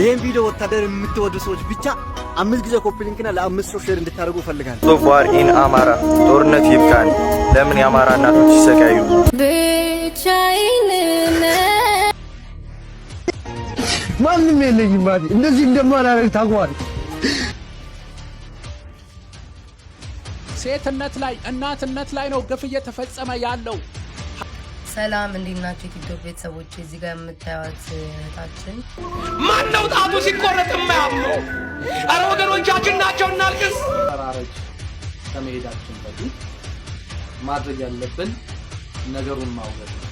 ይህን ቪዲዮ ወታደር የምትወዱ ሰዎች ብቻ አምስት ጊዜ ኮፒ ኮፕሊንክና ለአምስት ሰው ሼር እንድታደርጉ እፈልጋለሁ። ሶፋር ኢን አማራ ጦርነት ይብቃን። ለምን የአማራ እናቶች ይሰቃዩ? ማንም የለኝም። ማለት እንደዚህ እንደማላደርግ ታውቀዋል። ሴትነት ላይ እናትነት ላይ ነው ግፍ እየተፈጸመ ያለው። ሰላም እንዴት ናቸው? የቲክቶክ ቤተሰቦች እዚህ ጋር የምታዩት እህታችን ማን ነው ጣቱ ሲቆረጥ የማያምኑ አረ ወገኖቻችን ናቸው። እናልቅስ። ተራሮች ከመሄዳችን በፊት ማድረግ ያለብን ነገሩን ማውገድ ነው።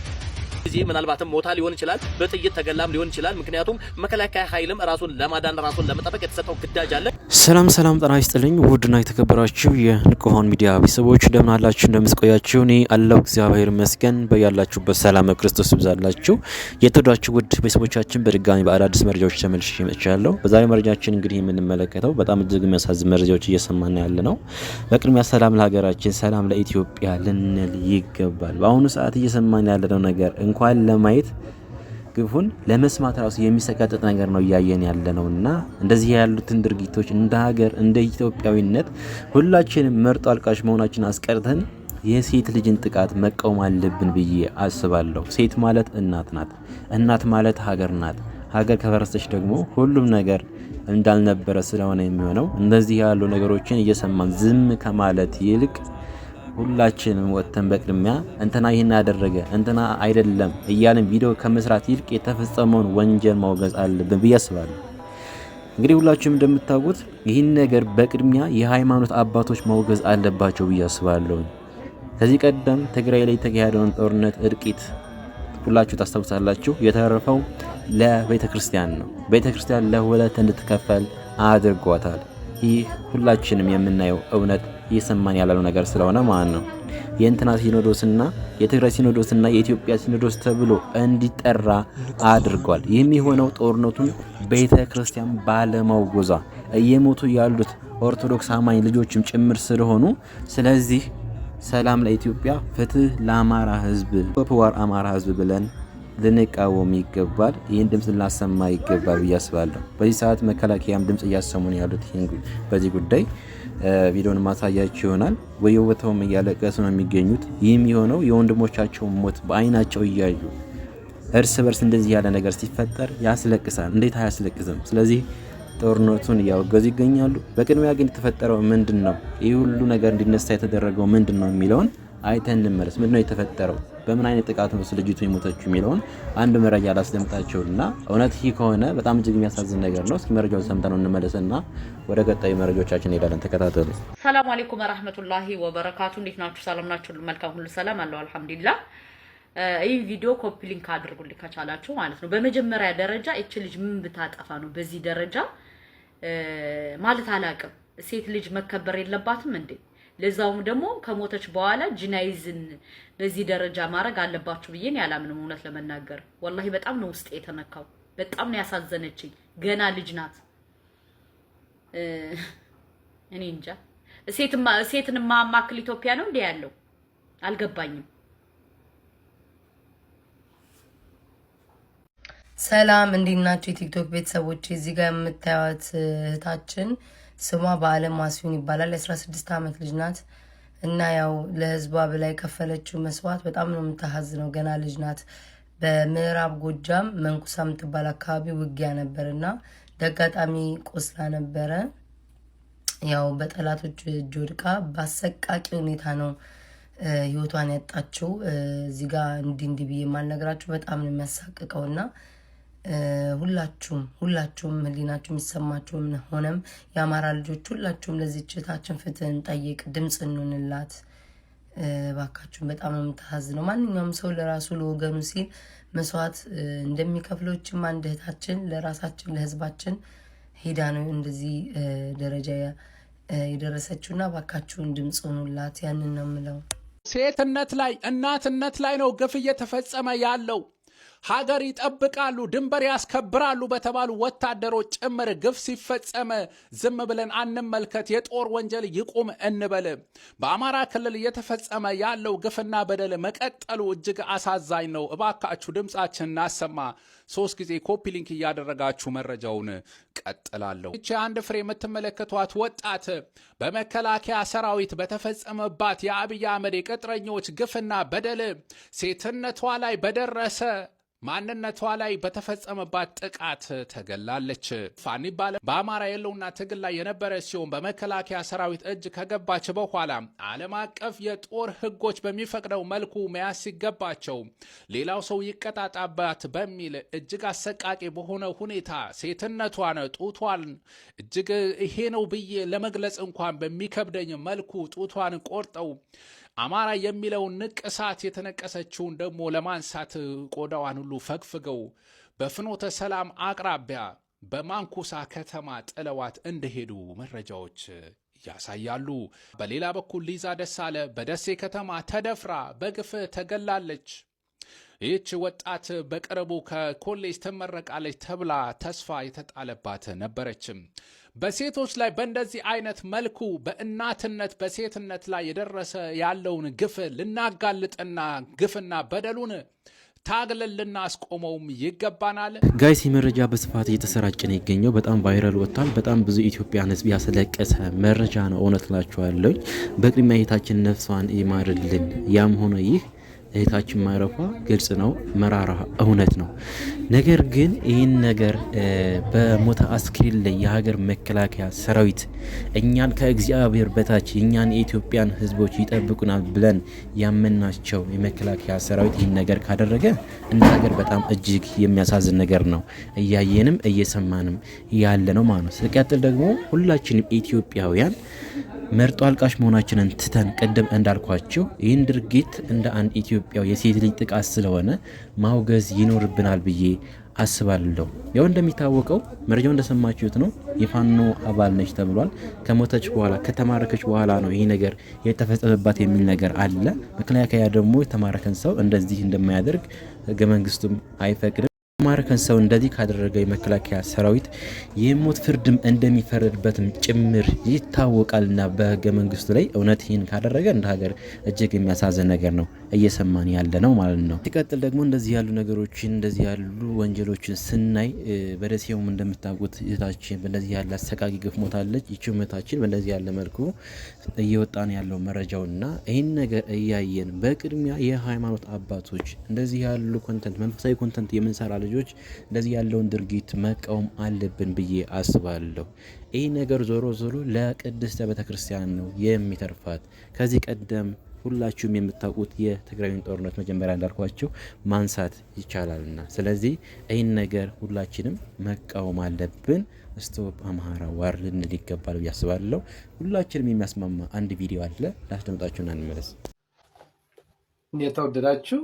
እዚህ ምናልባትም ሞታ ሊሆን ይችላል፣ በጥይት ተገላም ሊሆን ይችላል። ምክንያቱም መከላከያ ኃይልም ራሱን ለማዳን ራሱን ለመጠበቅ የተሰጠው ግዳጅ አለ። ሰላም ሰላም፣ ጤና ይስጥልኝ ውድና የተከበራችሁ የንቁሆን ሚዲያ ቤተሰቦች እንደምን አላችሁ? እንደምስቆያችሁ እኔ አለው እግዚአብሔር ይመስገን። በያላችሁበት ሰላም ክርስቶስ ይብዛላችሁ። የተወዳችሁ ውድ ቤተሰቦቻችን በድጋሚ በአዳዲስ መረጃዎች ተመልሼ መጥቻለሁ። በዛሬ መረጃችን እንግዲህ የምንመለከተው በጣም እጅግ የሚያሳዝን መረጃዎች እየሰማን ያለ ነው። በቅድሚያ ሰላም ለሀገራችን፣ ሰላም ለኢትዮጵያ ልንል ይገባል። በአሁኑ ሰዓት እየሰማን ያለነው ነገር እንኳን ለማየት ግፉን ለመስማት ራሱ የሚሰቀጥጥ ነገር ነው እያየን ያለ ነው እና እንደዚህ ያሉትን ድርጊቶች እንደ ሀገር እንደ ኢትዮጵያዊነት ሁላችንም መርጦ አልቃሽ መሆናችን አስቀርተን የሴት ልጅን ጥቃት መቃወም አለብን ብዬ አስባለሁ። ሴት ማለት እናት ናት። እናት ማለት ሀገር ናት። ሀገር ከፈረሰች ደግሞ ሁሉም ነገር እንዳልነበረ ስለሆነ የሚሆነው እንደዚህ ያሉ ነገሮችን እየሰማን ዝም ከማለት ይልቅ ሁላችንም ወጥተን በቅድሚያ እንትና ይህን ያደረገ እንትና አይደለም እያልን ቪዲዮ ከመስራት ይልቅ የተፈጸመውን ወንጀል ማውገዝ አለብን ብዬ አስባለሁ። እንግዲህ ሁላችሁም እንደምታውቁት ይህን ነገር በቅድሚያ የሃይማኖት አባቶች ማውገዝ አለባቸው ብዬ አስባለሁ። ከዚህ ቀደም ትግራይ ላይ የተካሄደውን ጦርነት እርቂት ሁላችሁ ታስታውሳላችሁ። የተረፈው ለቤተ ክርስቲያን ነው። ቤተ ክርስቲያን ለሁለት እንድትከፈል አድርጓታል። ይህ ሁላችንም የምናየው እውነት እየሰማን ያለው ነገር ስለሆነ ማለት ነው። የእንትና ሲኖዶስና የትግራይ ሲኖዶስና የኢትዮጵያ ሲኖዶስ ተብሎ እንዲጠራ አድርጓል። ይህም የሆነው ጦርነቱን ቤተ ክርስቲያን ባለማውገዟ እየሞቱ ያሉት ኦርቶዶክስ አማኝ ልጆችም ጭምር ስለሆኑ ስለዚህ ሰላም ለኢትዮጵያ፣ ፍትህ ለአማራ ህዝብ፣ ፖፕዋር አማራ ህዝብ ብለን ልንቃወም ይገባል። ይህን ድምፅ ልናሰማ ይገባል ብዬ አስባለሁ። በዚህ ሰዓት መከላከያም ድምፅ እያሰሙን ያሉት በዚህ ጉዳይ ቪዲዮን ማሳያቸው ይሆናል። በየቦታውም እያለቀሱ ነው የሚገኙት። ይህም የሆነው የወንድሞቻቸውን ሞት በአይናቸው እያዩ እርስ በርስ እንደዚህ ያለ ነገር ሲፈጠር ያስለቅሳል። እንዴት አያስለቅስም? ስለዚህ ጦርነቱን እያወገዙ ይገኛሉ። በቅድሚያ ግን የተፈጠረው ምንድን ነው? ይህ ሁሉ ነገር እንዲነሳ የተደረገው ምንድን ነው የሚለውን አይተን ልመለስ። ምንድን ነው የተፈጠረው? በምን አይነት ጥቃት ነው ልጅቱ የሞተችው የሚለውን አንድ መረጃ ላስደምጣቸውና እውነት ይህ ከሆነ በጣም እጅግ የሚያሳዝን ነገር ነው። እስኪ መረጃውን ሰምተን እንመለስና ወደ ቀጣዩ መረጃዎቻችን እንሄዳለን። ተከታተሉ። ሰላም አሌይኩም ረህመቱላሂ ወበረካቱ። እንዴት ናችሁ? ሰላም ናችሁ? መልካም ሁሉ ሰላም አለው። አልሐምዱላ ይህ ቪዲዮ ኮፒ ሊንክ አድርጉልኝ ከቻላችሁ ማለት ነው። በመጀመሪያ ደረጃ እች ልጅ ምን ብታጠፋ ነው በዚህ ደረጃ ማለት አላቅም። ሴት ልጅ መከበር የለባትም እንዴ? ለዛውም ደግሞ ከሞተች በኋላ ጅናይዝን በዚህ ደረጃ ማድረግ አለባችሁ ብዬ ያላምንም። እውነት ለመናገር ወላሂ በጣም ነው ውስጤ የተነካው። በጣም ነው ያሳዘነችኝ። ገና ልጅ ናት። እኔ እንጃ። ሴትን ማክል ኢትዮጵያ ነው እንዴ ያለው? አልገባኝም። ሰላም እንዴት ናችሁ? የቲክቶክ ቤተሰቦች እዚህ ጋር የምታዩት እህታችን ስሟ በአለም ማስፊን ይባላል። የ16 ዓመት ልጅ ናት እና ያው ለህዝቧ ብላ የከፈለችው መስዋዕት በጣም ነው የምታሳዝነው። ገና ልጅ ናት። በምዕራብ ጎጃም መንኩሳ የምትባል አካባቢ ውጊያ ነበር እና ደጋጣሚ ቆስላ ነበረ። ያው በጠላቶች እጅ ወድቃ በአሰቃቂ ሁኔታ ነው ህይወቷን ያጣችው። እዚህ ጋር እንዲህ እንዲህ ብዬ የማልነግራችሁ በጣም ነው የሚያሳቅቀው እና ሁላችሁም ሁላችሁም ህሊናችሁ የሚሰማችሁም ሆነም የአማራ ልጆች ሁላችሁም ለዚህ ችታችን ፍትህ እንጠይቅ፣ ድምፅ እንሆንላት። ባካችሁን በጣም ነው የምታሳዝነው። ማንኛውም ሰው ለራሱ ለወገኑ ሲል መስዋዕት እንደሚከፍሎችም አንድ እህታችን ለራሳችን ለህዝባችን ሄዳ ነው እንደዚህ ደረጃ የደረሰችውና ባካችሁን ድምፅ ሆኑላት። ያንን ነው ምለው። ሴትነት ላይ እናትነት ላይ ነው ግፍ እየተፈጸመ ያለው። ሀገር ይጠብቃሉ፣ ድንበር ያስከብራሉ በተባሉ ወታደሮች ጭምር ግፍ ሲፈጸመ ዝም ብለን አንመልከት፣ የጦር ወንጀል ይቁም እንበል። በአማራ ክልል እየተፈጸመ ያለው ግፍና በደል መቀጠሉ እጅግ አሳዛኝ ነው። እባካችሁ ድምፃችን እናሰማ። ሶስት ጊዜ ኮፒ ሊንክ እያደረጋችሁ መረጃውን ቀጥላለሁ። ይቺ አንድ ፍሬ የምትመለከቷት ወጣት በመከላከያ ሰራዊት በተፈጸመባት የአብይ አህመድ የቅጥረኞች ግፍና በደል ሴትነቷ ላይ በደረሰ ማንነቷ ላይ በተፈጸመባት ጥቃት ተገላለች። ፋኒ ባለ በአማራ የለውና ትግል ላይ የነበረ ሲሆን በመከላከያ ሰራዊት እጅ ከገባች በኋላ ዓለም አቀፍ የጦር ሕጎች በሚፈቅደው መልኩ መያዝ ሲገባቸው ሌላው ሰው ይቀጣጣባት በሚል እጅግ አሰቃቂ በሆነ ሁኔታ ሴትነቷን፣ ጡቷን እጅግ ይሄ ነው ብዬ ለመግለጽ እንኳን በሚከብደኝ መልኩ ጡቷን ቆርጠው አማራ የሚለውን ንቅሳት የተነቀሰችውን ደግሞ ለማንሳት ቆዳዋን ሁሉ ፈግፍገው በፍኖተ ሰላም አቅራቢያ በማንኩሳ ከተማ ጥለዋት እንደሄዱ መረጃዎች ያሳያሉ። በሌላ በኩል ሊዛ ደሳለ በደሴ ከተማ ተደፍራ በግፍ ተገላለች። ይህች ወጣት በቅርቡ ከኮሌጅ ትመረቃለች ተብላ ተስፋ የተጣለባት ነበረችም። በሴቶች ላይ በእንደዚህ አይነት መልኩ በእናትነት በሴትነት ላይ የደረሰ ያለውን ግፍ ልናጋልጥና ግፍና በደሉን ታግለን ልናስቆመውም ይገባናል። ጋይስ መረጃ በስፋት እየተሰራጨ ነው ይገኘው። በጣም ቫይራል ወጥቷል። በጣም ብዙ ኢትዮጵያን ሕዝብ ያስለቀሰ መረጃ ነው። እውነት ላችኋለሁ። በቅድሚያ የታችን ነፍሷን ይማርልን። ያም ሆነ ይህ እህታችን ማረፏ ግልጽ ነው፣ መራራ እውነት ነው። ነገር ግን ይህን ነገር በሞታ አስክሬን ላይ የሀገር መከላከያ ሰራዊት እኛን ከእግዚአብሔር በታች እኛን የኢትዮጵያን ሕዝቦች ይጠብቁናል ብለን ያመናቸው የመከላከያ ሰራዊት ይህን ነገር ካደረገ እንደ ሀገር በጣም እጅግ የሚያሳዝን ነገር ነው። እያየንም እየሰማንም ያለ ነው ማለት ነው። ደግሞ ሁላችንም ኢትዮጵያውያን መርጦ አልቃሽ መሆናችንን ትተን ቅድም እንዳልኳቸው ይህን ድርጊት እንደ አንድ ኢትዮ ኢትዮጵያው የሴት ልጅ ጥቃት ስለሆነ ማውገዝ ይኖርብናል ብዬ አስባለሁ። ያው እንደሚታወቀው መረጃው እንደሰማችሁት ነው። የፋኖ አባል ነች ተብሏል። ከሞተች በኋላ ከተማረከች በኋላ ነው ይህ ነገር የተፈጸመባት የሚል ነገር አለ። መከላከያ ደግሞ የተማረከን ሰው እንደዚህ እንደማያደርግ ሕገ መንግስቱም አይፈቅድም። የተማረከን ሰው እንደዚህ ካደረገ የመከላከያ ሰራዊት የሞት ፍርድም እንደሚፈረድበትም ጭምር ይታወቃልና በህገ መንግስቱ ላይ እውነት ይህን ካደረገ እንደ ሀገር እጅግ የሚያሳዝን ነገር ነው። እየሰማን ያለ ነው ማለት ነው። ሲቀጥል ደግሞ እንደዚህ ያሉ ነገሮችን እንደዚህ ያሉ ወንጀሎችን ስናይ በደሴውም እንደምታውቁት እህታችን በእንደዚህ ያለ አሰቃቂ ግፍ ሞታለች። ይቺ እህታችን በእንደዚህ ያለ መልኩ እየወጣን ያለው መረጃውና ይህን ነገር እያየን በቅድሚያ የሃይማኖት አባቶች እንደዚህ ያሉ ኮንተንት መንፈሳዊ ኮንተንት የምንሰራ ልጆች እንደዚህ ያለውን ድርጊት መቃወም አለብን ብዬ አስባለሁ። ይህ ነገር ዞሮ ዞሮ ለቅድስተ ቤተክርስቲያን ነው የሚተርፋት ከዚህ ቀደም ሁላችሁም የምታውቁት የትግራዩን ጦርነት መጀመሪያ እንዳልኳቸው ማንሳት ይቻላልና፣ ስለዚህ ይህን ነገር ሁላችንም መቃወም አለብን። ስቶፕ አምሃራ ዋር ልንል ይገባል ብዬ አስባለሁ። ሁላችንም የሚያስማማ አንድ ቪዲዮ አለ፣ ላስደምጣችሁን አንመለስ። የተወደዳችሁ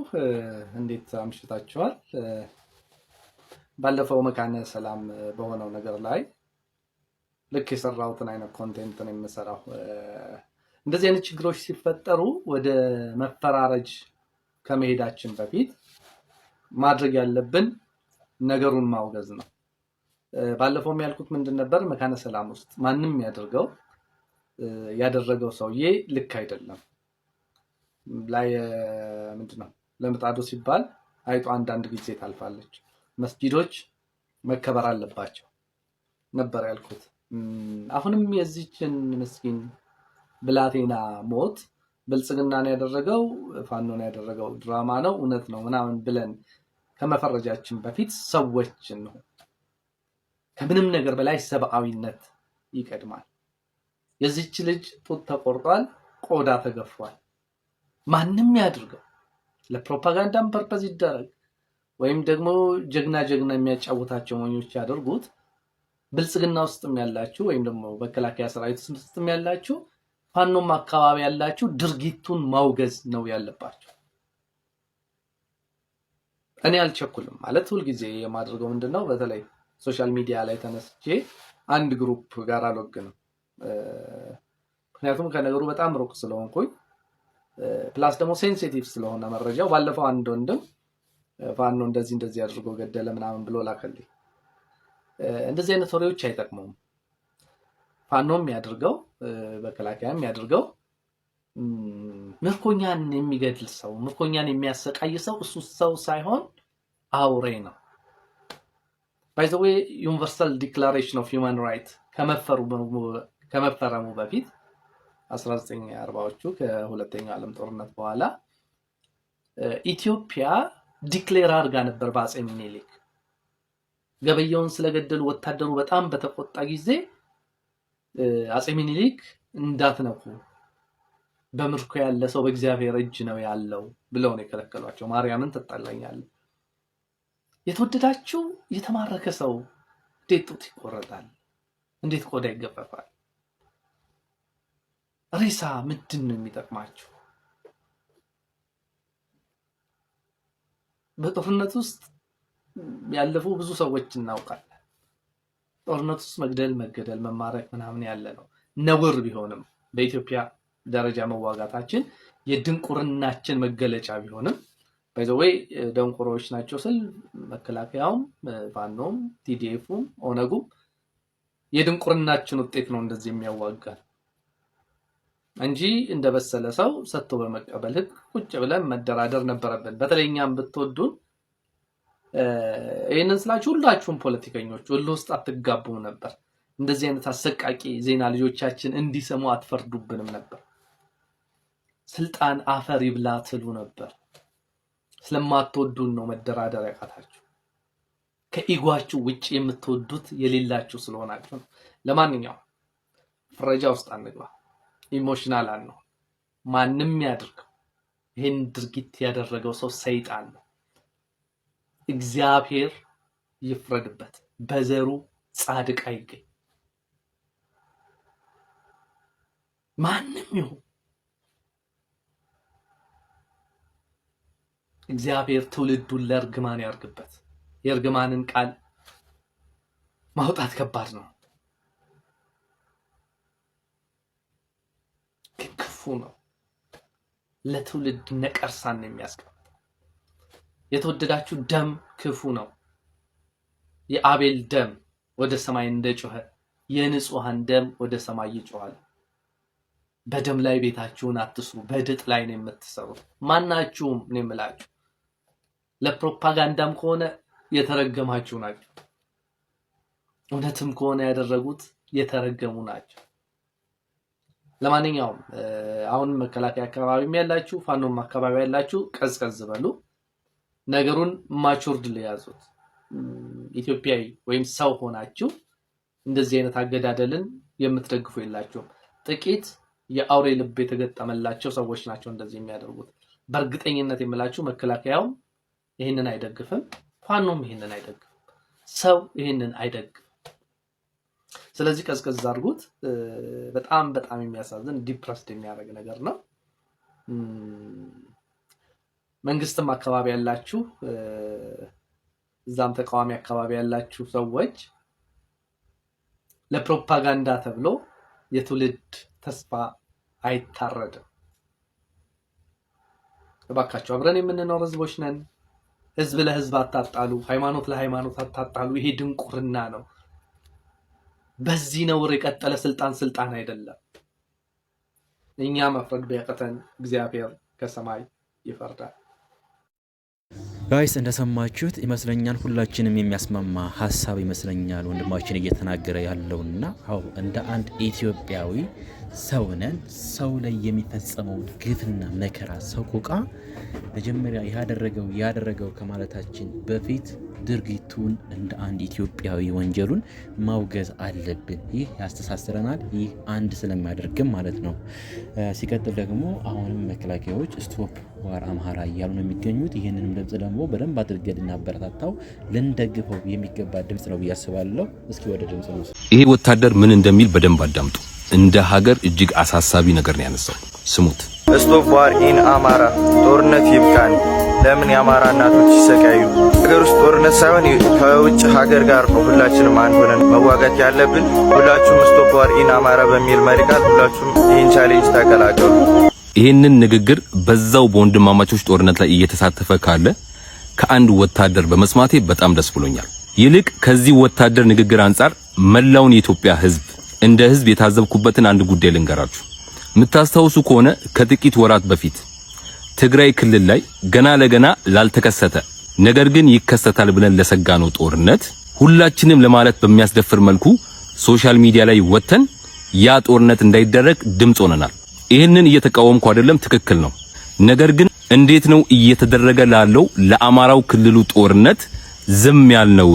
እንዴት አምሽታችኋል? ባለፈው መካነ ሰላም በሆነው ነገር ላይ ልክ የሰራሁትን አይነት ኮንቴንት ነው የምሰራው እንደዚህ አይነት ችግሮች ሲፈጠሩ ወደ መፈራረጅ ከመሄዳችን በፊት ማድረግ ያለብን ነገሩን ማውገዝ ነው። ባለፈውም ያልኩት ምንድን ነበር? መካነ ሰላም ውስጥ ማንም ያደርገው ያደረገው ሰውዬ ልክ አይደለም ላይ ምንድን ነው ለምጣዱ ሲባል አይጦ አንዳንድ ጊዜ ታልፋለች። መስጊዶች መከበር አለባቸው ነበር ያልኩት። አሁንም የዚችን ምስኪን ብላቴና ሞት ብልጽግናን ያደረገው ፋኖን ያደረገው ድራማ ነው እውነት ነው ምናምን ብለን ከመፈረጃችን በፊት ሰዎች ነው። ከምንም ነገር በላይ ሰብአዊነት ይቀድማል። የዚች ልጅ ጡት ተቆርጧል፣ ቆዳ ተገፏል። ማንም ያድርገው ለፕሮፓጋንዳም ፐርፐዝ ይደረግ ወይም ደግሞ ጀግና ጀግና የሚያጫውታቸው ሞኞች ያደርጉት ብልጽግና ውስጥም ያላችሁ ወይም ደግሞ መከላከያ ሰራዊት ውስጥም ያላችሁ ፋኖም አካባቢ ያላችሁ ድርጊቱን ማውገዝ ነው ያለባችሁ። እኔ አልቸኩልም ማለት ሁልጊዜ ጊዜ ምንድን ነው፣ በተለይ ሶሻል ሚዲያ ላይ ተነስቼ አንድ ግሩፕ ጋር አልወግንም። ምክንያቱም ከነገሩ በጣም ሩቅ ስለሆንኩኝ ፕላስ ደግሞ ሴንሲቲቭ ስለሆነ መረጃው። ባለፈው አንድ ወንድም ፋኖ እንደዚህ እንደዚህ አድርጎ ገደለ ምናምን ብሎ ላከልኝ። እንደዚህ አይነት ወሬዎች አይጠቅመውም። ፋኖም የሚያደርገው መከላከያ የሚያደርገው ምርኮኛን የሚገድል ሰው ምርኮኛን የሚያሰቃይ ሰው እሱ ሰው ሳይሆን አውሬ ነው። ባይዘዌ ዩኒቨርሳል ዲክላሬሽን ኦፍ ሂውማን ራይት ከመፈረሙ በፊት 1940ዎቹ ከሁለተኛው ዓለም ጦርነት በኋላ ኢትዮጵያ ዲክሌር አድርጋ ነበር በአፄ ሚኒሊክ ገበየውን ስለገደሉ ወታደሩ በጣም በተቆጣ ጊዜ አጼ ሚኒሊክ እንዳትነኩ በምርኮ ያለ ሰው በእግዚአብሔር እጅ ነው ያለው ብለው ነው የከለከሏቸው። ማርያምን ትጠላኛለህ። የተወደዳችው የተማረከ ሰው እንዴት ጡት ይቆረጣል? እንዴት ቆዳ ይገፈፋል? ሬሳ ምንድን ነው የሚጠቅማችሁ? በጦርነት ውስጥ ያለፉ ብዙ ሰዎች እናውቃል። ጦርነት ውስጥ መግደል፣ መገደል፣ መማረክ ምናምን ያለ ነው። ነውር ቢሆንም በኢትዮጵያ ደረጃ መዋጋታችን የድንቁርናችን መገለጫ ቢሆንም ባይዘወይ ደንቆሮዎች ናቸው ስል መከላከያውም፣ ፋኖም፣ ቲዲኤፉም ኦነጉም የድንቁርናችን ውጤት ነው እንደዚህ የሚያዋጋል እንጂ እንደበሰለ ሰው ሰጥቶ በመቀበል ህግ ቁጭ ብለን መደራደር ነበረብን። በተለይ እኛም ብትወዱን ይህንን ስላችሁ ሁላችሁም ፖለቲከኞች ወሎ ውስጥ አትጋቡም ነበር። እንደዚህ አይነት አሰቃቂ ዜና ልጆቻችን እንዲሰሙ አትፈርዱብንም ነበር። ስልጣን አፈር ይብላ ትሉ ነበር። ስለማትወዱን ነው መደራደር ያቃታችሁ። ከኢጓችሁ ውጭ የምትወዱት የሌላችሁ ስለሆናችሁ ነው። ለማንኛውም ፍረጃ ውስጥ አንግባ፣ ኢሞሽናል አንሆን። ማንም ያድርገው ይህን ድርጊት ያደረገው ሰው ሰይጣን ነው። እግዚአብሔር ይፍረድበት፣ በዘሩ ጻድቅ አይገኝ። ማንም ይሁን እግዚአብሔር ትውልዱን ለእርግማን ያርግበት። የእርግማንን ቃል ማውጣት ከባድ ነው፣ ግን ክፉ ነው። ለትውልድ ነቀርሳን የሚያስገባ የተወደዳችሁ ደም ክፉ ነው። የአቤል ደም ወደ ሰማይ እንደጮኸ የንጹሐን ደም ወደ ሰማይ ይጮኋል። በደም ላይ ቤታችሁን አትስሩ። በድጥ ላይ ነው የምትሰሩት ማናችሁም ነው የምላችሁ። ለፕሮፓጋንዳም ከሆነ የተረገማችሁ ናቸው። እውነትም ከሆነ ያደረጉት የተረገሙ ናቸው። ለማንኛውም አሁን መከላከያ አካባቢም ያላችሁ ፋኖም አካባቢ ያላችሁ ቀዝቀዝ በሉ። ነገሩን ማቹርድ ለያዙት ኢትዮጵያዊ ወይም ሰው ሆናችሁ እንደዚህ አይነት አገዳደልን የምትደግፉ የላችሁም። ጥቂት የአውሬ ልብ የተገጠመላቸው ሰዎች ናቸው እንደዚህ የሚያደርጉት። በእርግጠኝነት የምላችሁ መከላከያውም ይህንን አይደግፍም፣ ፋኖም ይህንን አይደግፍም፣ ሰው ይህንን አይደግፍም። ስለዚህ ቀዝቀዝ አድርጉት። በጣም በጣም የሚያሳዝን ዲፕረስድ የሚያደርግ ነገር ነው። መንግስትም አካባቢ ያላችሁ እዛም ተቃዋሚ አካባቢ ያላችሁ ሰዎች ለፕሮፓጋንዳ ተብሎ የትውልድ ተስፋ አይታረድም። እባካቸው አብረን የምንኖር ህዝቦች ነን። ህዝብ ለህዝብ አታጣሉ፣ ሃይማኖት ለሃይማኖት አታጣሉ። ይሄ ድንቁርና ነው። በዚህ ነውር የቀጠለ ስልጣን ስልጣን አይደለም። እኛ መፍረግ ቢያቅተን እግዚአብሔር ከሰማይ ይፈርዳል። ጋይስ እንደሰማችሁት ይመስለኛል ሁላችንም የሚያስማማ ሀሳብ ይመስለኛል ወንድማችን እየተናገረ ያለውና አዎ እንደ አንድ ኢትዮጵያዊ ነን። ሰው ላይ የሚፈጸመው ግፍና መከራ ሰቆቃ መጀመሪያ ያደረገው ያደረገው ከማለታችን በፊት ድርጊቱን እንደ አንድ ኢትዮጵያዊ ወንጀሉን ማውገዝ አለብን። ይህ ያስተሳስረናል። ይህ አንድ ስለሚያደርግም ማለት ነው። ሲቀጥል ደግሞ አሁንም መከላከያዎች ስቶፕ ዋር አምሃራ እያሉ ነው የሚገኙት። ይህንንም ድምፅ ደግሞ በደንብ አድርገን ልናበረታታው ልንደግፈው የሚገባ ድምፅ ነው ብዬ አስባለሁ። እስኪ ወደ ድምፅ ነው። ይሄ ወታደር ምን እንደሚል በደንብ አዳምጡ። እንደ ሀገር እጅግ አሳሳቢ ነገር ነው ያነሳው። ስሙት። ስቶፕ ዋር ኢን አማራ፣ ጦርነት ይብቃን። ለምን የአማራ እናቶች ይሰቃዩ? ሀገር ውስጥ ጦርነት ሳይሆን ከውጭ ሀገር ጋር ነው ሁላችንም አንድ ሆነን መዋጋት ያለብን። ሁላችሁም ስቶፕ ዋር ኢን አማራ በሚል መሪ ቃል ሁላችሁም ይህን ቻሌንጅ ተቀላቀሉ። ይህንን ንግግር በዛው በወንድማማቾች ጦርነት ላይ እየተሳተፈ ካለ ከአንድ ወታደር በመስማቴ በጣም ደስ ብሎኛል። ይልቅ ከዚህ ወታደር ንግግር አንጻር መላውን የኢትዮጵያ ሕዝብ እንደ ህዝብ የታዘብኩበትን አንድ ጉዳይ ልንገራችሁ። የምታስታውሱ ከሆነ ከጥቂት ወራት በፊት ትግራይ ክልል ላይ ገና ለገና ላልተከሰተ ነገር ግን ይከሰታል ብለን ለሰጋነው ጦርነት ሁላችንም ለማለት በሚያስደፍር መልኩ ሶሻል ሚዲያ ላይ ወጥተን ያ ጦርነት እንዳይደረግ ድምፅ ሆነናል። ይህንን እየተቃወምኩ አይደለም፣ ትክክል ነው። ነገር ግን እንዴት ነው እየተደረገ ላለው ለአማራው ክልሉ ጦርነት ዝም ያልነው?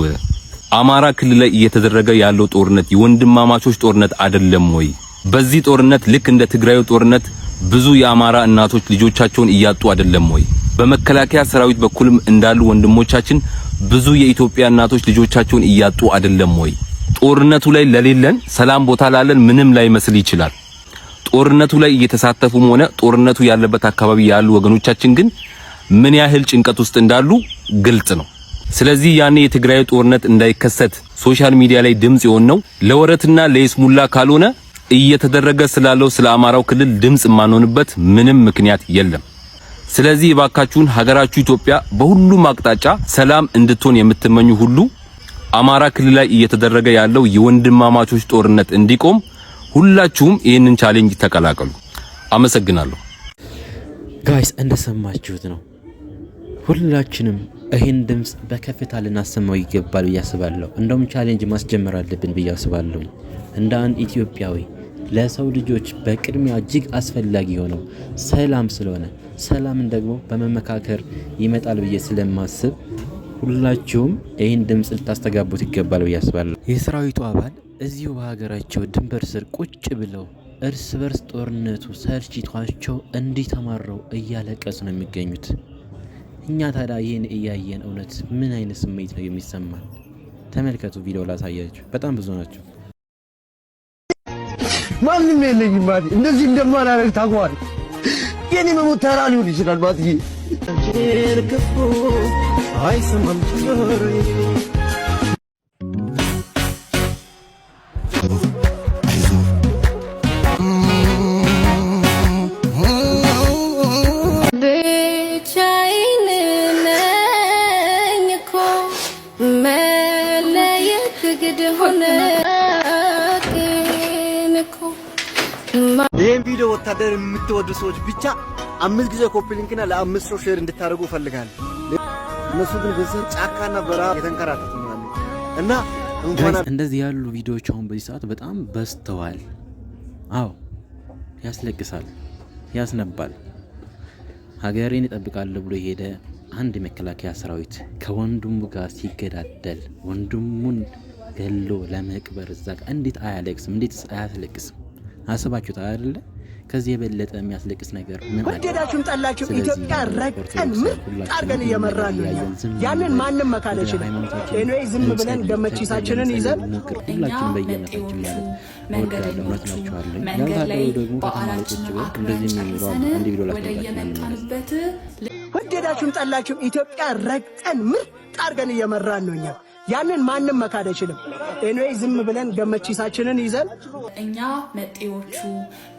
አማራ ክልል ላይ እየተደረገ ያለው ጦርነት የወንድማማቾች ጦርነት አይደለም ወይ? በዚህ ጦርነት ልክ እንደ ትግራዩ ጦርነት ብዙ የአማራ እናቶች ልጆቻቸውን እያጡ አይደለም ወይ? በመከላከያ ሰራዊት በኩልም እንዳሉ ወንድሞቻችን ብዙ የኢትዮጵያ እናቶች ልጆቻቸውን እያጡ አይደለም ወይ? ጦርነቱ ላይ ለሌለን ሰላም ቦታ ላለን ምንም ላይመስል ይችላል። ጦርነቱ ላይ እየተሳተፉም ሆነ ጦርነቱ ያለበት አካባቢ ያሉ ወገኖቻችን ግን ምን ያህል ጭንቀት ውስጥ እንዳሉ ግልጽ ነው። ስለዚህ ያኔ የትግራይ ጦርነት እንዳይከሰት ሶሻል ሚዲያ ላይ ድምጽ የሆን ነው ለወረትና ለይስሙላ ካልሆነ እየተደረገ ስላለው ስለ አማራው ክልል ድምጽ የማንሆንበት ምንም ምክንያት የለም። ስለዚህ እባካችሁን ሀገራችሁ ኢትዮጵያ በሁሉም አቅጣጫ ሰላም እንድትሆን የምትመኙ ሁሉ አማራ ክልል ላይ እየተደረገ ያለው የወንድማማቾች ጦርነት እንዲቆም ሁላችሁም ይህንን ቻሌንጅ ተቀላቀሉ። አመሰግናለሁ። ጋይስ እንደሰማችሁት ነው ሁላችንም ይህን ድምፅ በከፍታ ልናሰማው ይገባል ብዬ አስባለሁ። እንደውም ቻሌንጅ ማስጀመር አለብን ብዬ አስባለሁ። እንደ አንድ ኢትዮጵያዊ ለሰው ልጆች በቅድሚያ እጅግ አስፈላጊ የሆነው ሰላም ስለሆነ ሰላምን ደግሞ በመመካከር ይመጣል ብዬ ስለማስብ ሁላችሁም ይህን ድምፅ ልታስተጋቡት ይገባል ብዬ አስባለሁ። የሰራዊቱ አባል እዚሁ በሀገራቸው ድንበር ስር ቁጭ ብለው እርስ በርስ ጦርነቱ ሰልችቷቸው እንዲህ እያለቀሱ ነው የሚገኙት። እኛ ታዲያ ይህን እያየን እውነት ምን አይነት ስሜት ነው የሚሰማን? ተመልከቱ፣ ቪዲዮ ላሳያችሁ። በጣም ብዙ ናቸው። ማንም የለኝም ማ እንደዚህ እንደማላረግ ታውቀዋል። የኔ መሞት ተራ ሊሆን ይችላል ማለት ይህን ቪዲዮ ወታደር የምትወዱ ሰዎች ብቻ አምስት ጊዜ ኮፕሊንክና ለአምስት ሰው ሼር እንድታደርጉ እፈልጋለሁ። እነሱ ግን በዚህ ጫካና በረሃ የተንከራተቱ እና እንደዚህ ያሉ ቪዲዮዎች አሁን በዚህ ሰዓት በጣም በዝተዋል። አዎ ያስለቅሳል፣ ያስነባል። ሀገሬን እጠብቃለሁ ብሎ የሄደ አንድ የመከላከያ ሰራዊት ከወንድሙ ጋር ሲገዳደል ወንድሙን ገሎ ለመቅበር እዛ ጋር እንዴት አያለቅስም? እንዴት አያስለቅስም? አስባችሁታል አይደለ? ከዚህ የበለጠ የሚያስለቅስ ነገር ምን? ወደዳችሁም ጠላችሁ ኢትዮጵያ ረቀን ምርጥ አድርገን እየመራን ያንን ማንም መካል አይችልም። ኤንዌይ ዝም ብለን ገመቺሳችንን ይዘን ሁላችንም በየመታችን ማለት እወዳለሁ እመክራችኋለሁ። ያልታደሉ ደግሞ ከተማሪዎች ጭ እንደዚህ የሚሚሉ አንድ ቪዲዮ ላስመጣችኋለሁ። ወደዳችሁም ጠላችሁም ኢትዮጵያ ረቀን ምርጥ አድርገን እየመራን ነው እኛ ያንን ማንም መካድ አይችልም። ኤንዌይ ዝም ብለን ገመቺሳችንን ይዘን እኛ መጤዎቹ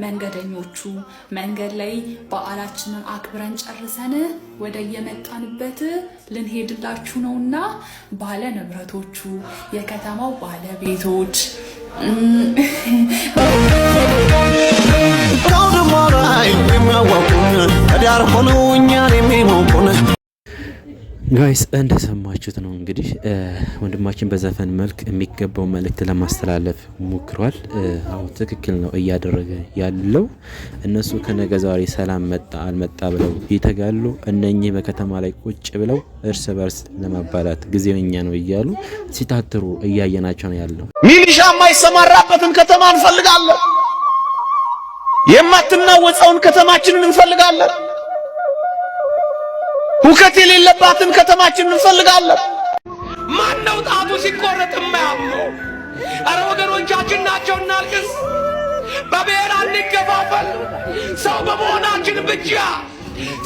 መንገደኞቹ መንገድ ላይ በዓላችንን አክብረን ጨርሰን ወደ የመጣንበት ልንሄድላችሁ ነውና ባለ ንብረቶቹ የከተማው ባለቤቶች ጋይስ እንደሰማችሁት ነው እንግዲህ ወንድማችን በዘፈን መልክ የሚገባው መልእክት ለማስተላለፍ ሞክሯል። አሁን ትክክል ነው እያደረገ ያለው እነሱ ከነገ ዛሬ ሰላም መጣ አልመጣ ብለው ይተጋሉ። እነኚህ በከተማ ላይ ቁጭ ብለው እርስ በርስ ለማባላት ጊዜኛ ነው እያሉ ሲታትሩ እያየናቸው ነው ያለው። ሚሊሻ የማይሰማራበትን ከተማ እንፈልጋለን። የማትናወፀውን ከተማችንን እንፈልጋለን። ሁከት የሌለባትን ከተማችን እንፈልጋለን። ማን ነው ጣቱ ሲቆረጥ የማያምነው? አረ ወገኖቻችን ናቸው። እናልቅስ፣ በብሔር አንገፋፈል። ሰው በመሆናችን ብቻ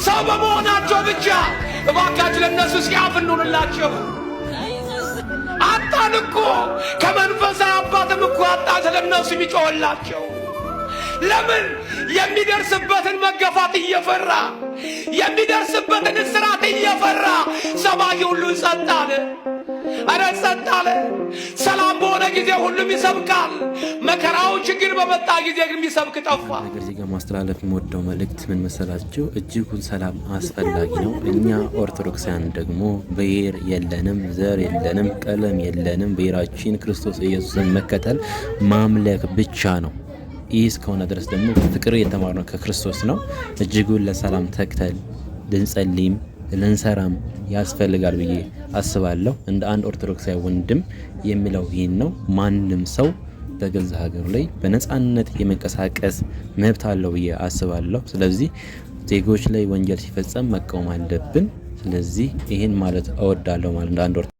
ሰው በመሆናቸው ብቻ እባካችን ለእነሱ ሲያፍ እንሆንላቸው። አጣን እኮ ከመንፈሳዊ አባትም እኮ አጣን ስለእነሱ የሚጮህላቸው ለምን የሚደርስበትን መገፋት እየፈራ የሚደርስበትን እስራት እየፈራ ሰማይ ሁሉ ጸጥ አለ። አረ ጸጥ አለ። ሰላም በሆነ ጊዜ ሁሉም ይሰብካል። መከራው ችግር በመጣ ጊዜ ግን የሚሰብክ ጠፋ። ነገር ዜጋ ማስተላለፍ የምወደው መልእክት ምን መሰላችሁ? እጅጉን ሰላም አስፈላጊ ነው። እኛ ኦርቶዶክሳውያን ደግሞ ብሔር የለንም፣ ዘር የለንም፣ ቀለም የለንም። ብሔራችን ክርስቶስ ኢየሱስን መከተል ማምለክ ብቻ ነው። ይህ እስከሆነ ድረስ ደግሞ ፍቅር የተማርነው ከክርስቶስ ነው። እጅጉን ለሰላም ተክተል ልንጸልይም ልንሰራም ያስፈልጋል ብዬ አስባለሁ። እንደ አንድ ኦርቶዶክሳዊ ወንድም የሚለው ይህን ነው። ማንም ሰው በገዛ ሀገሩ ላይ በነፃነት የመንቀሳቀስ መብት አለው ብዬ አስባለሁ። ስለዚህ ዜጎች ላይ ወንጀል ሲፈጸም መቃወም አለብን። ስለዚህ ይህን ማለት እወዳለሁ ማለት እንደ አንድ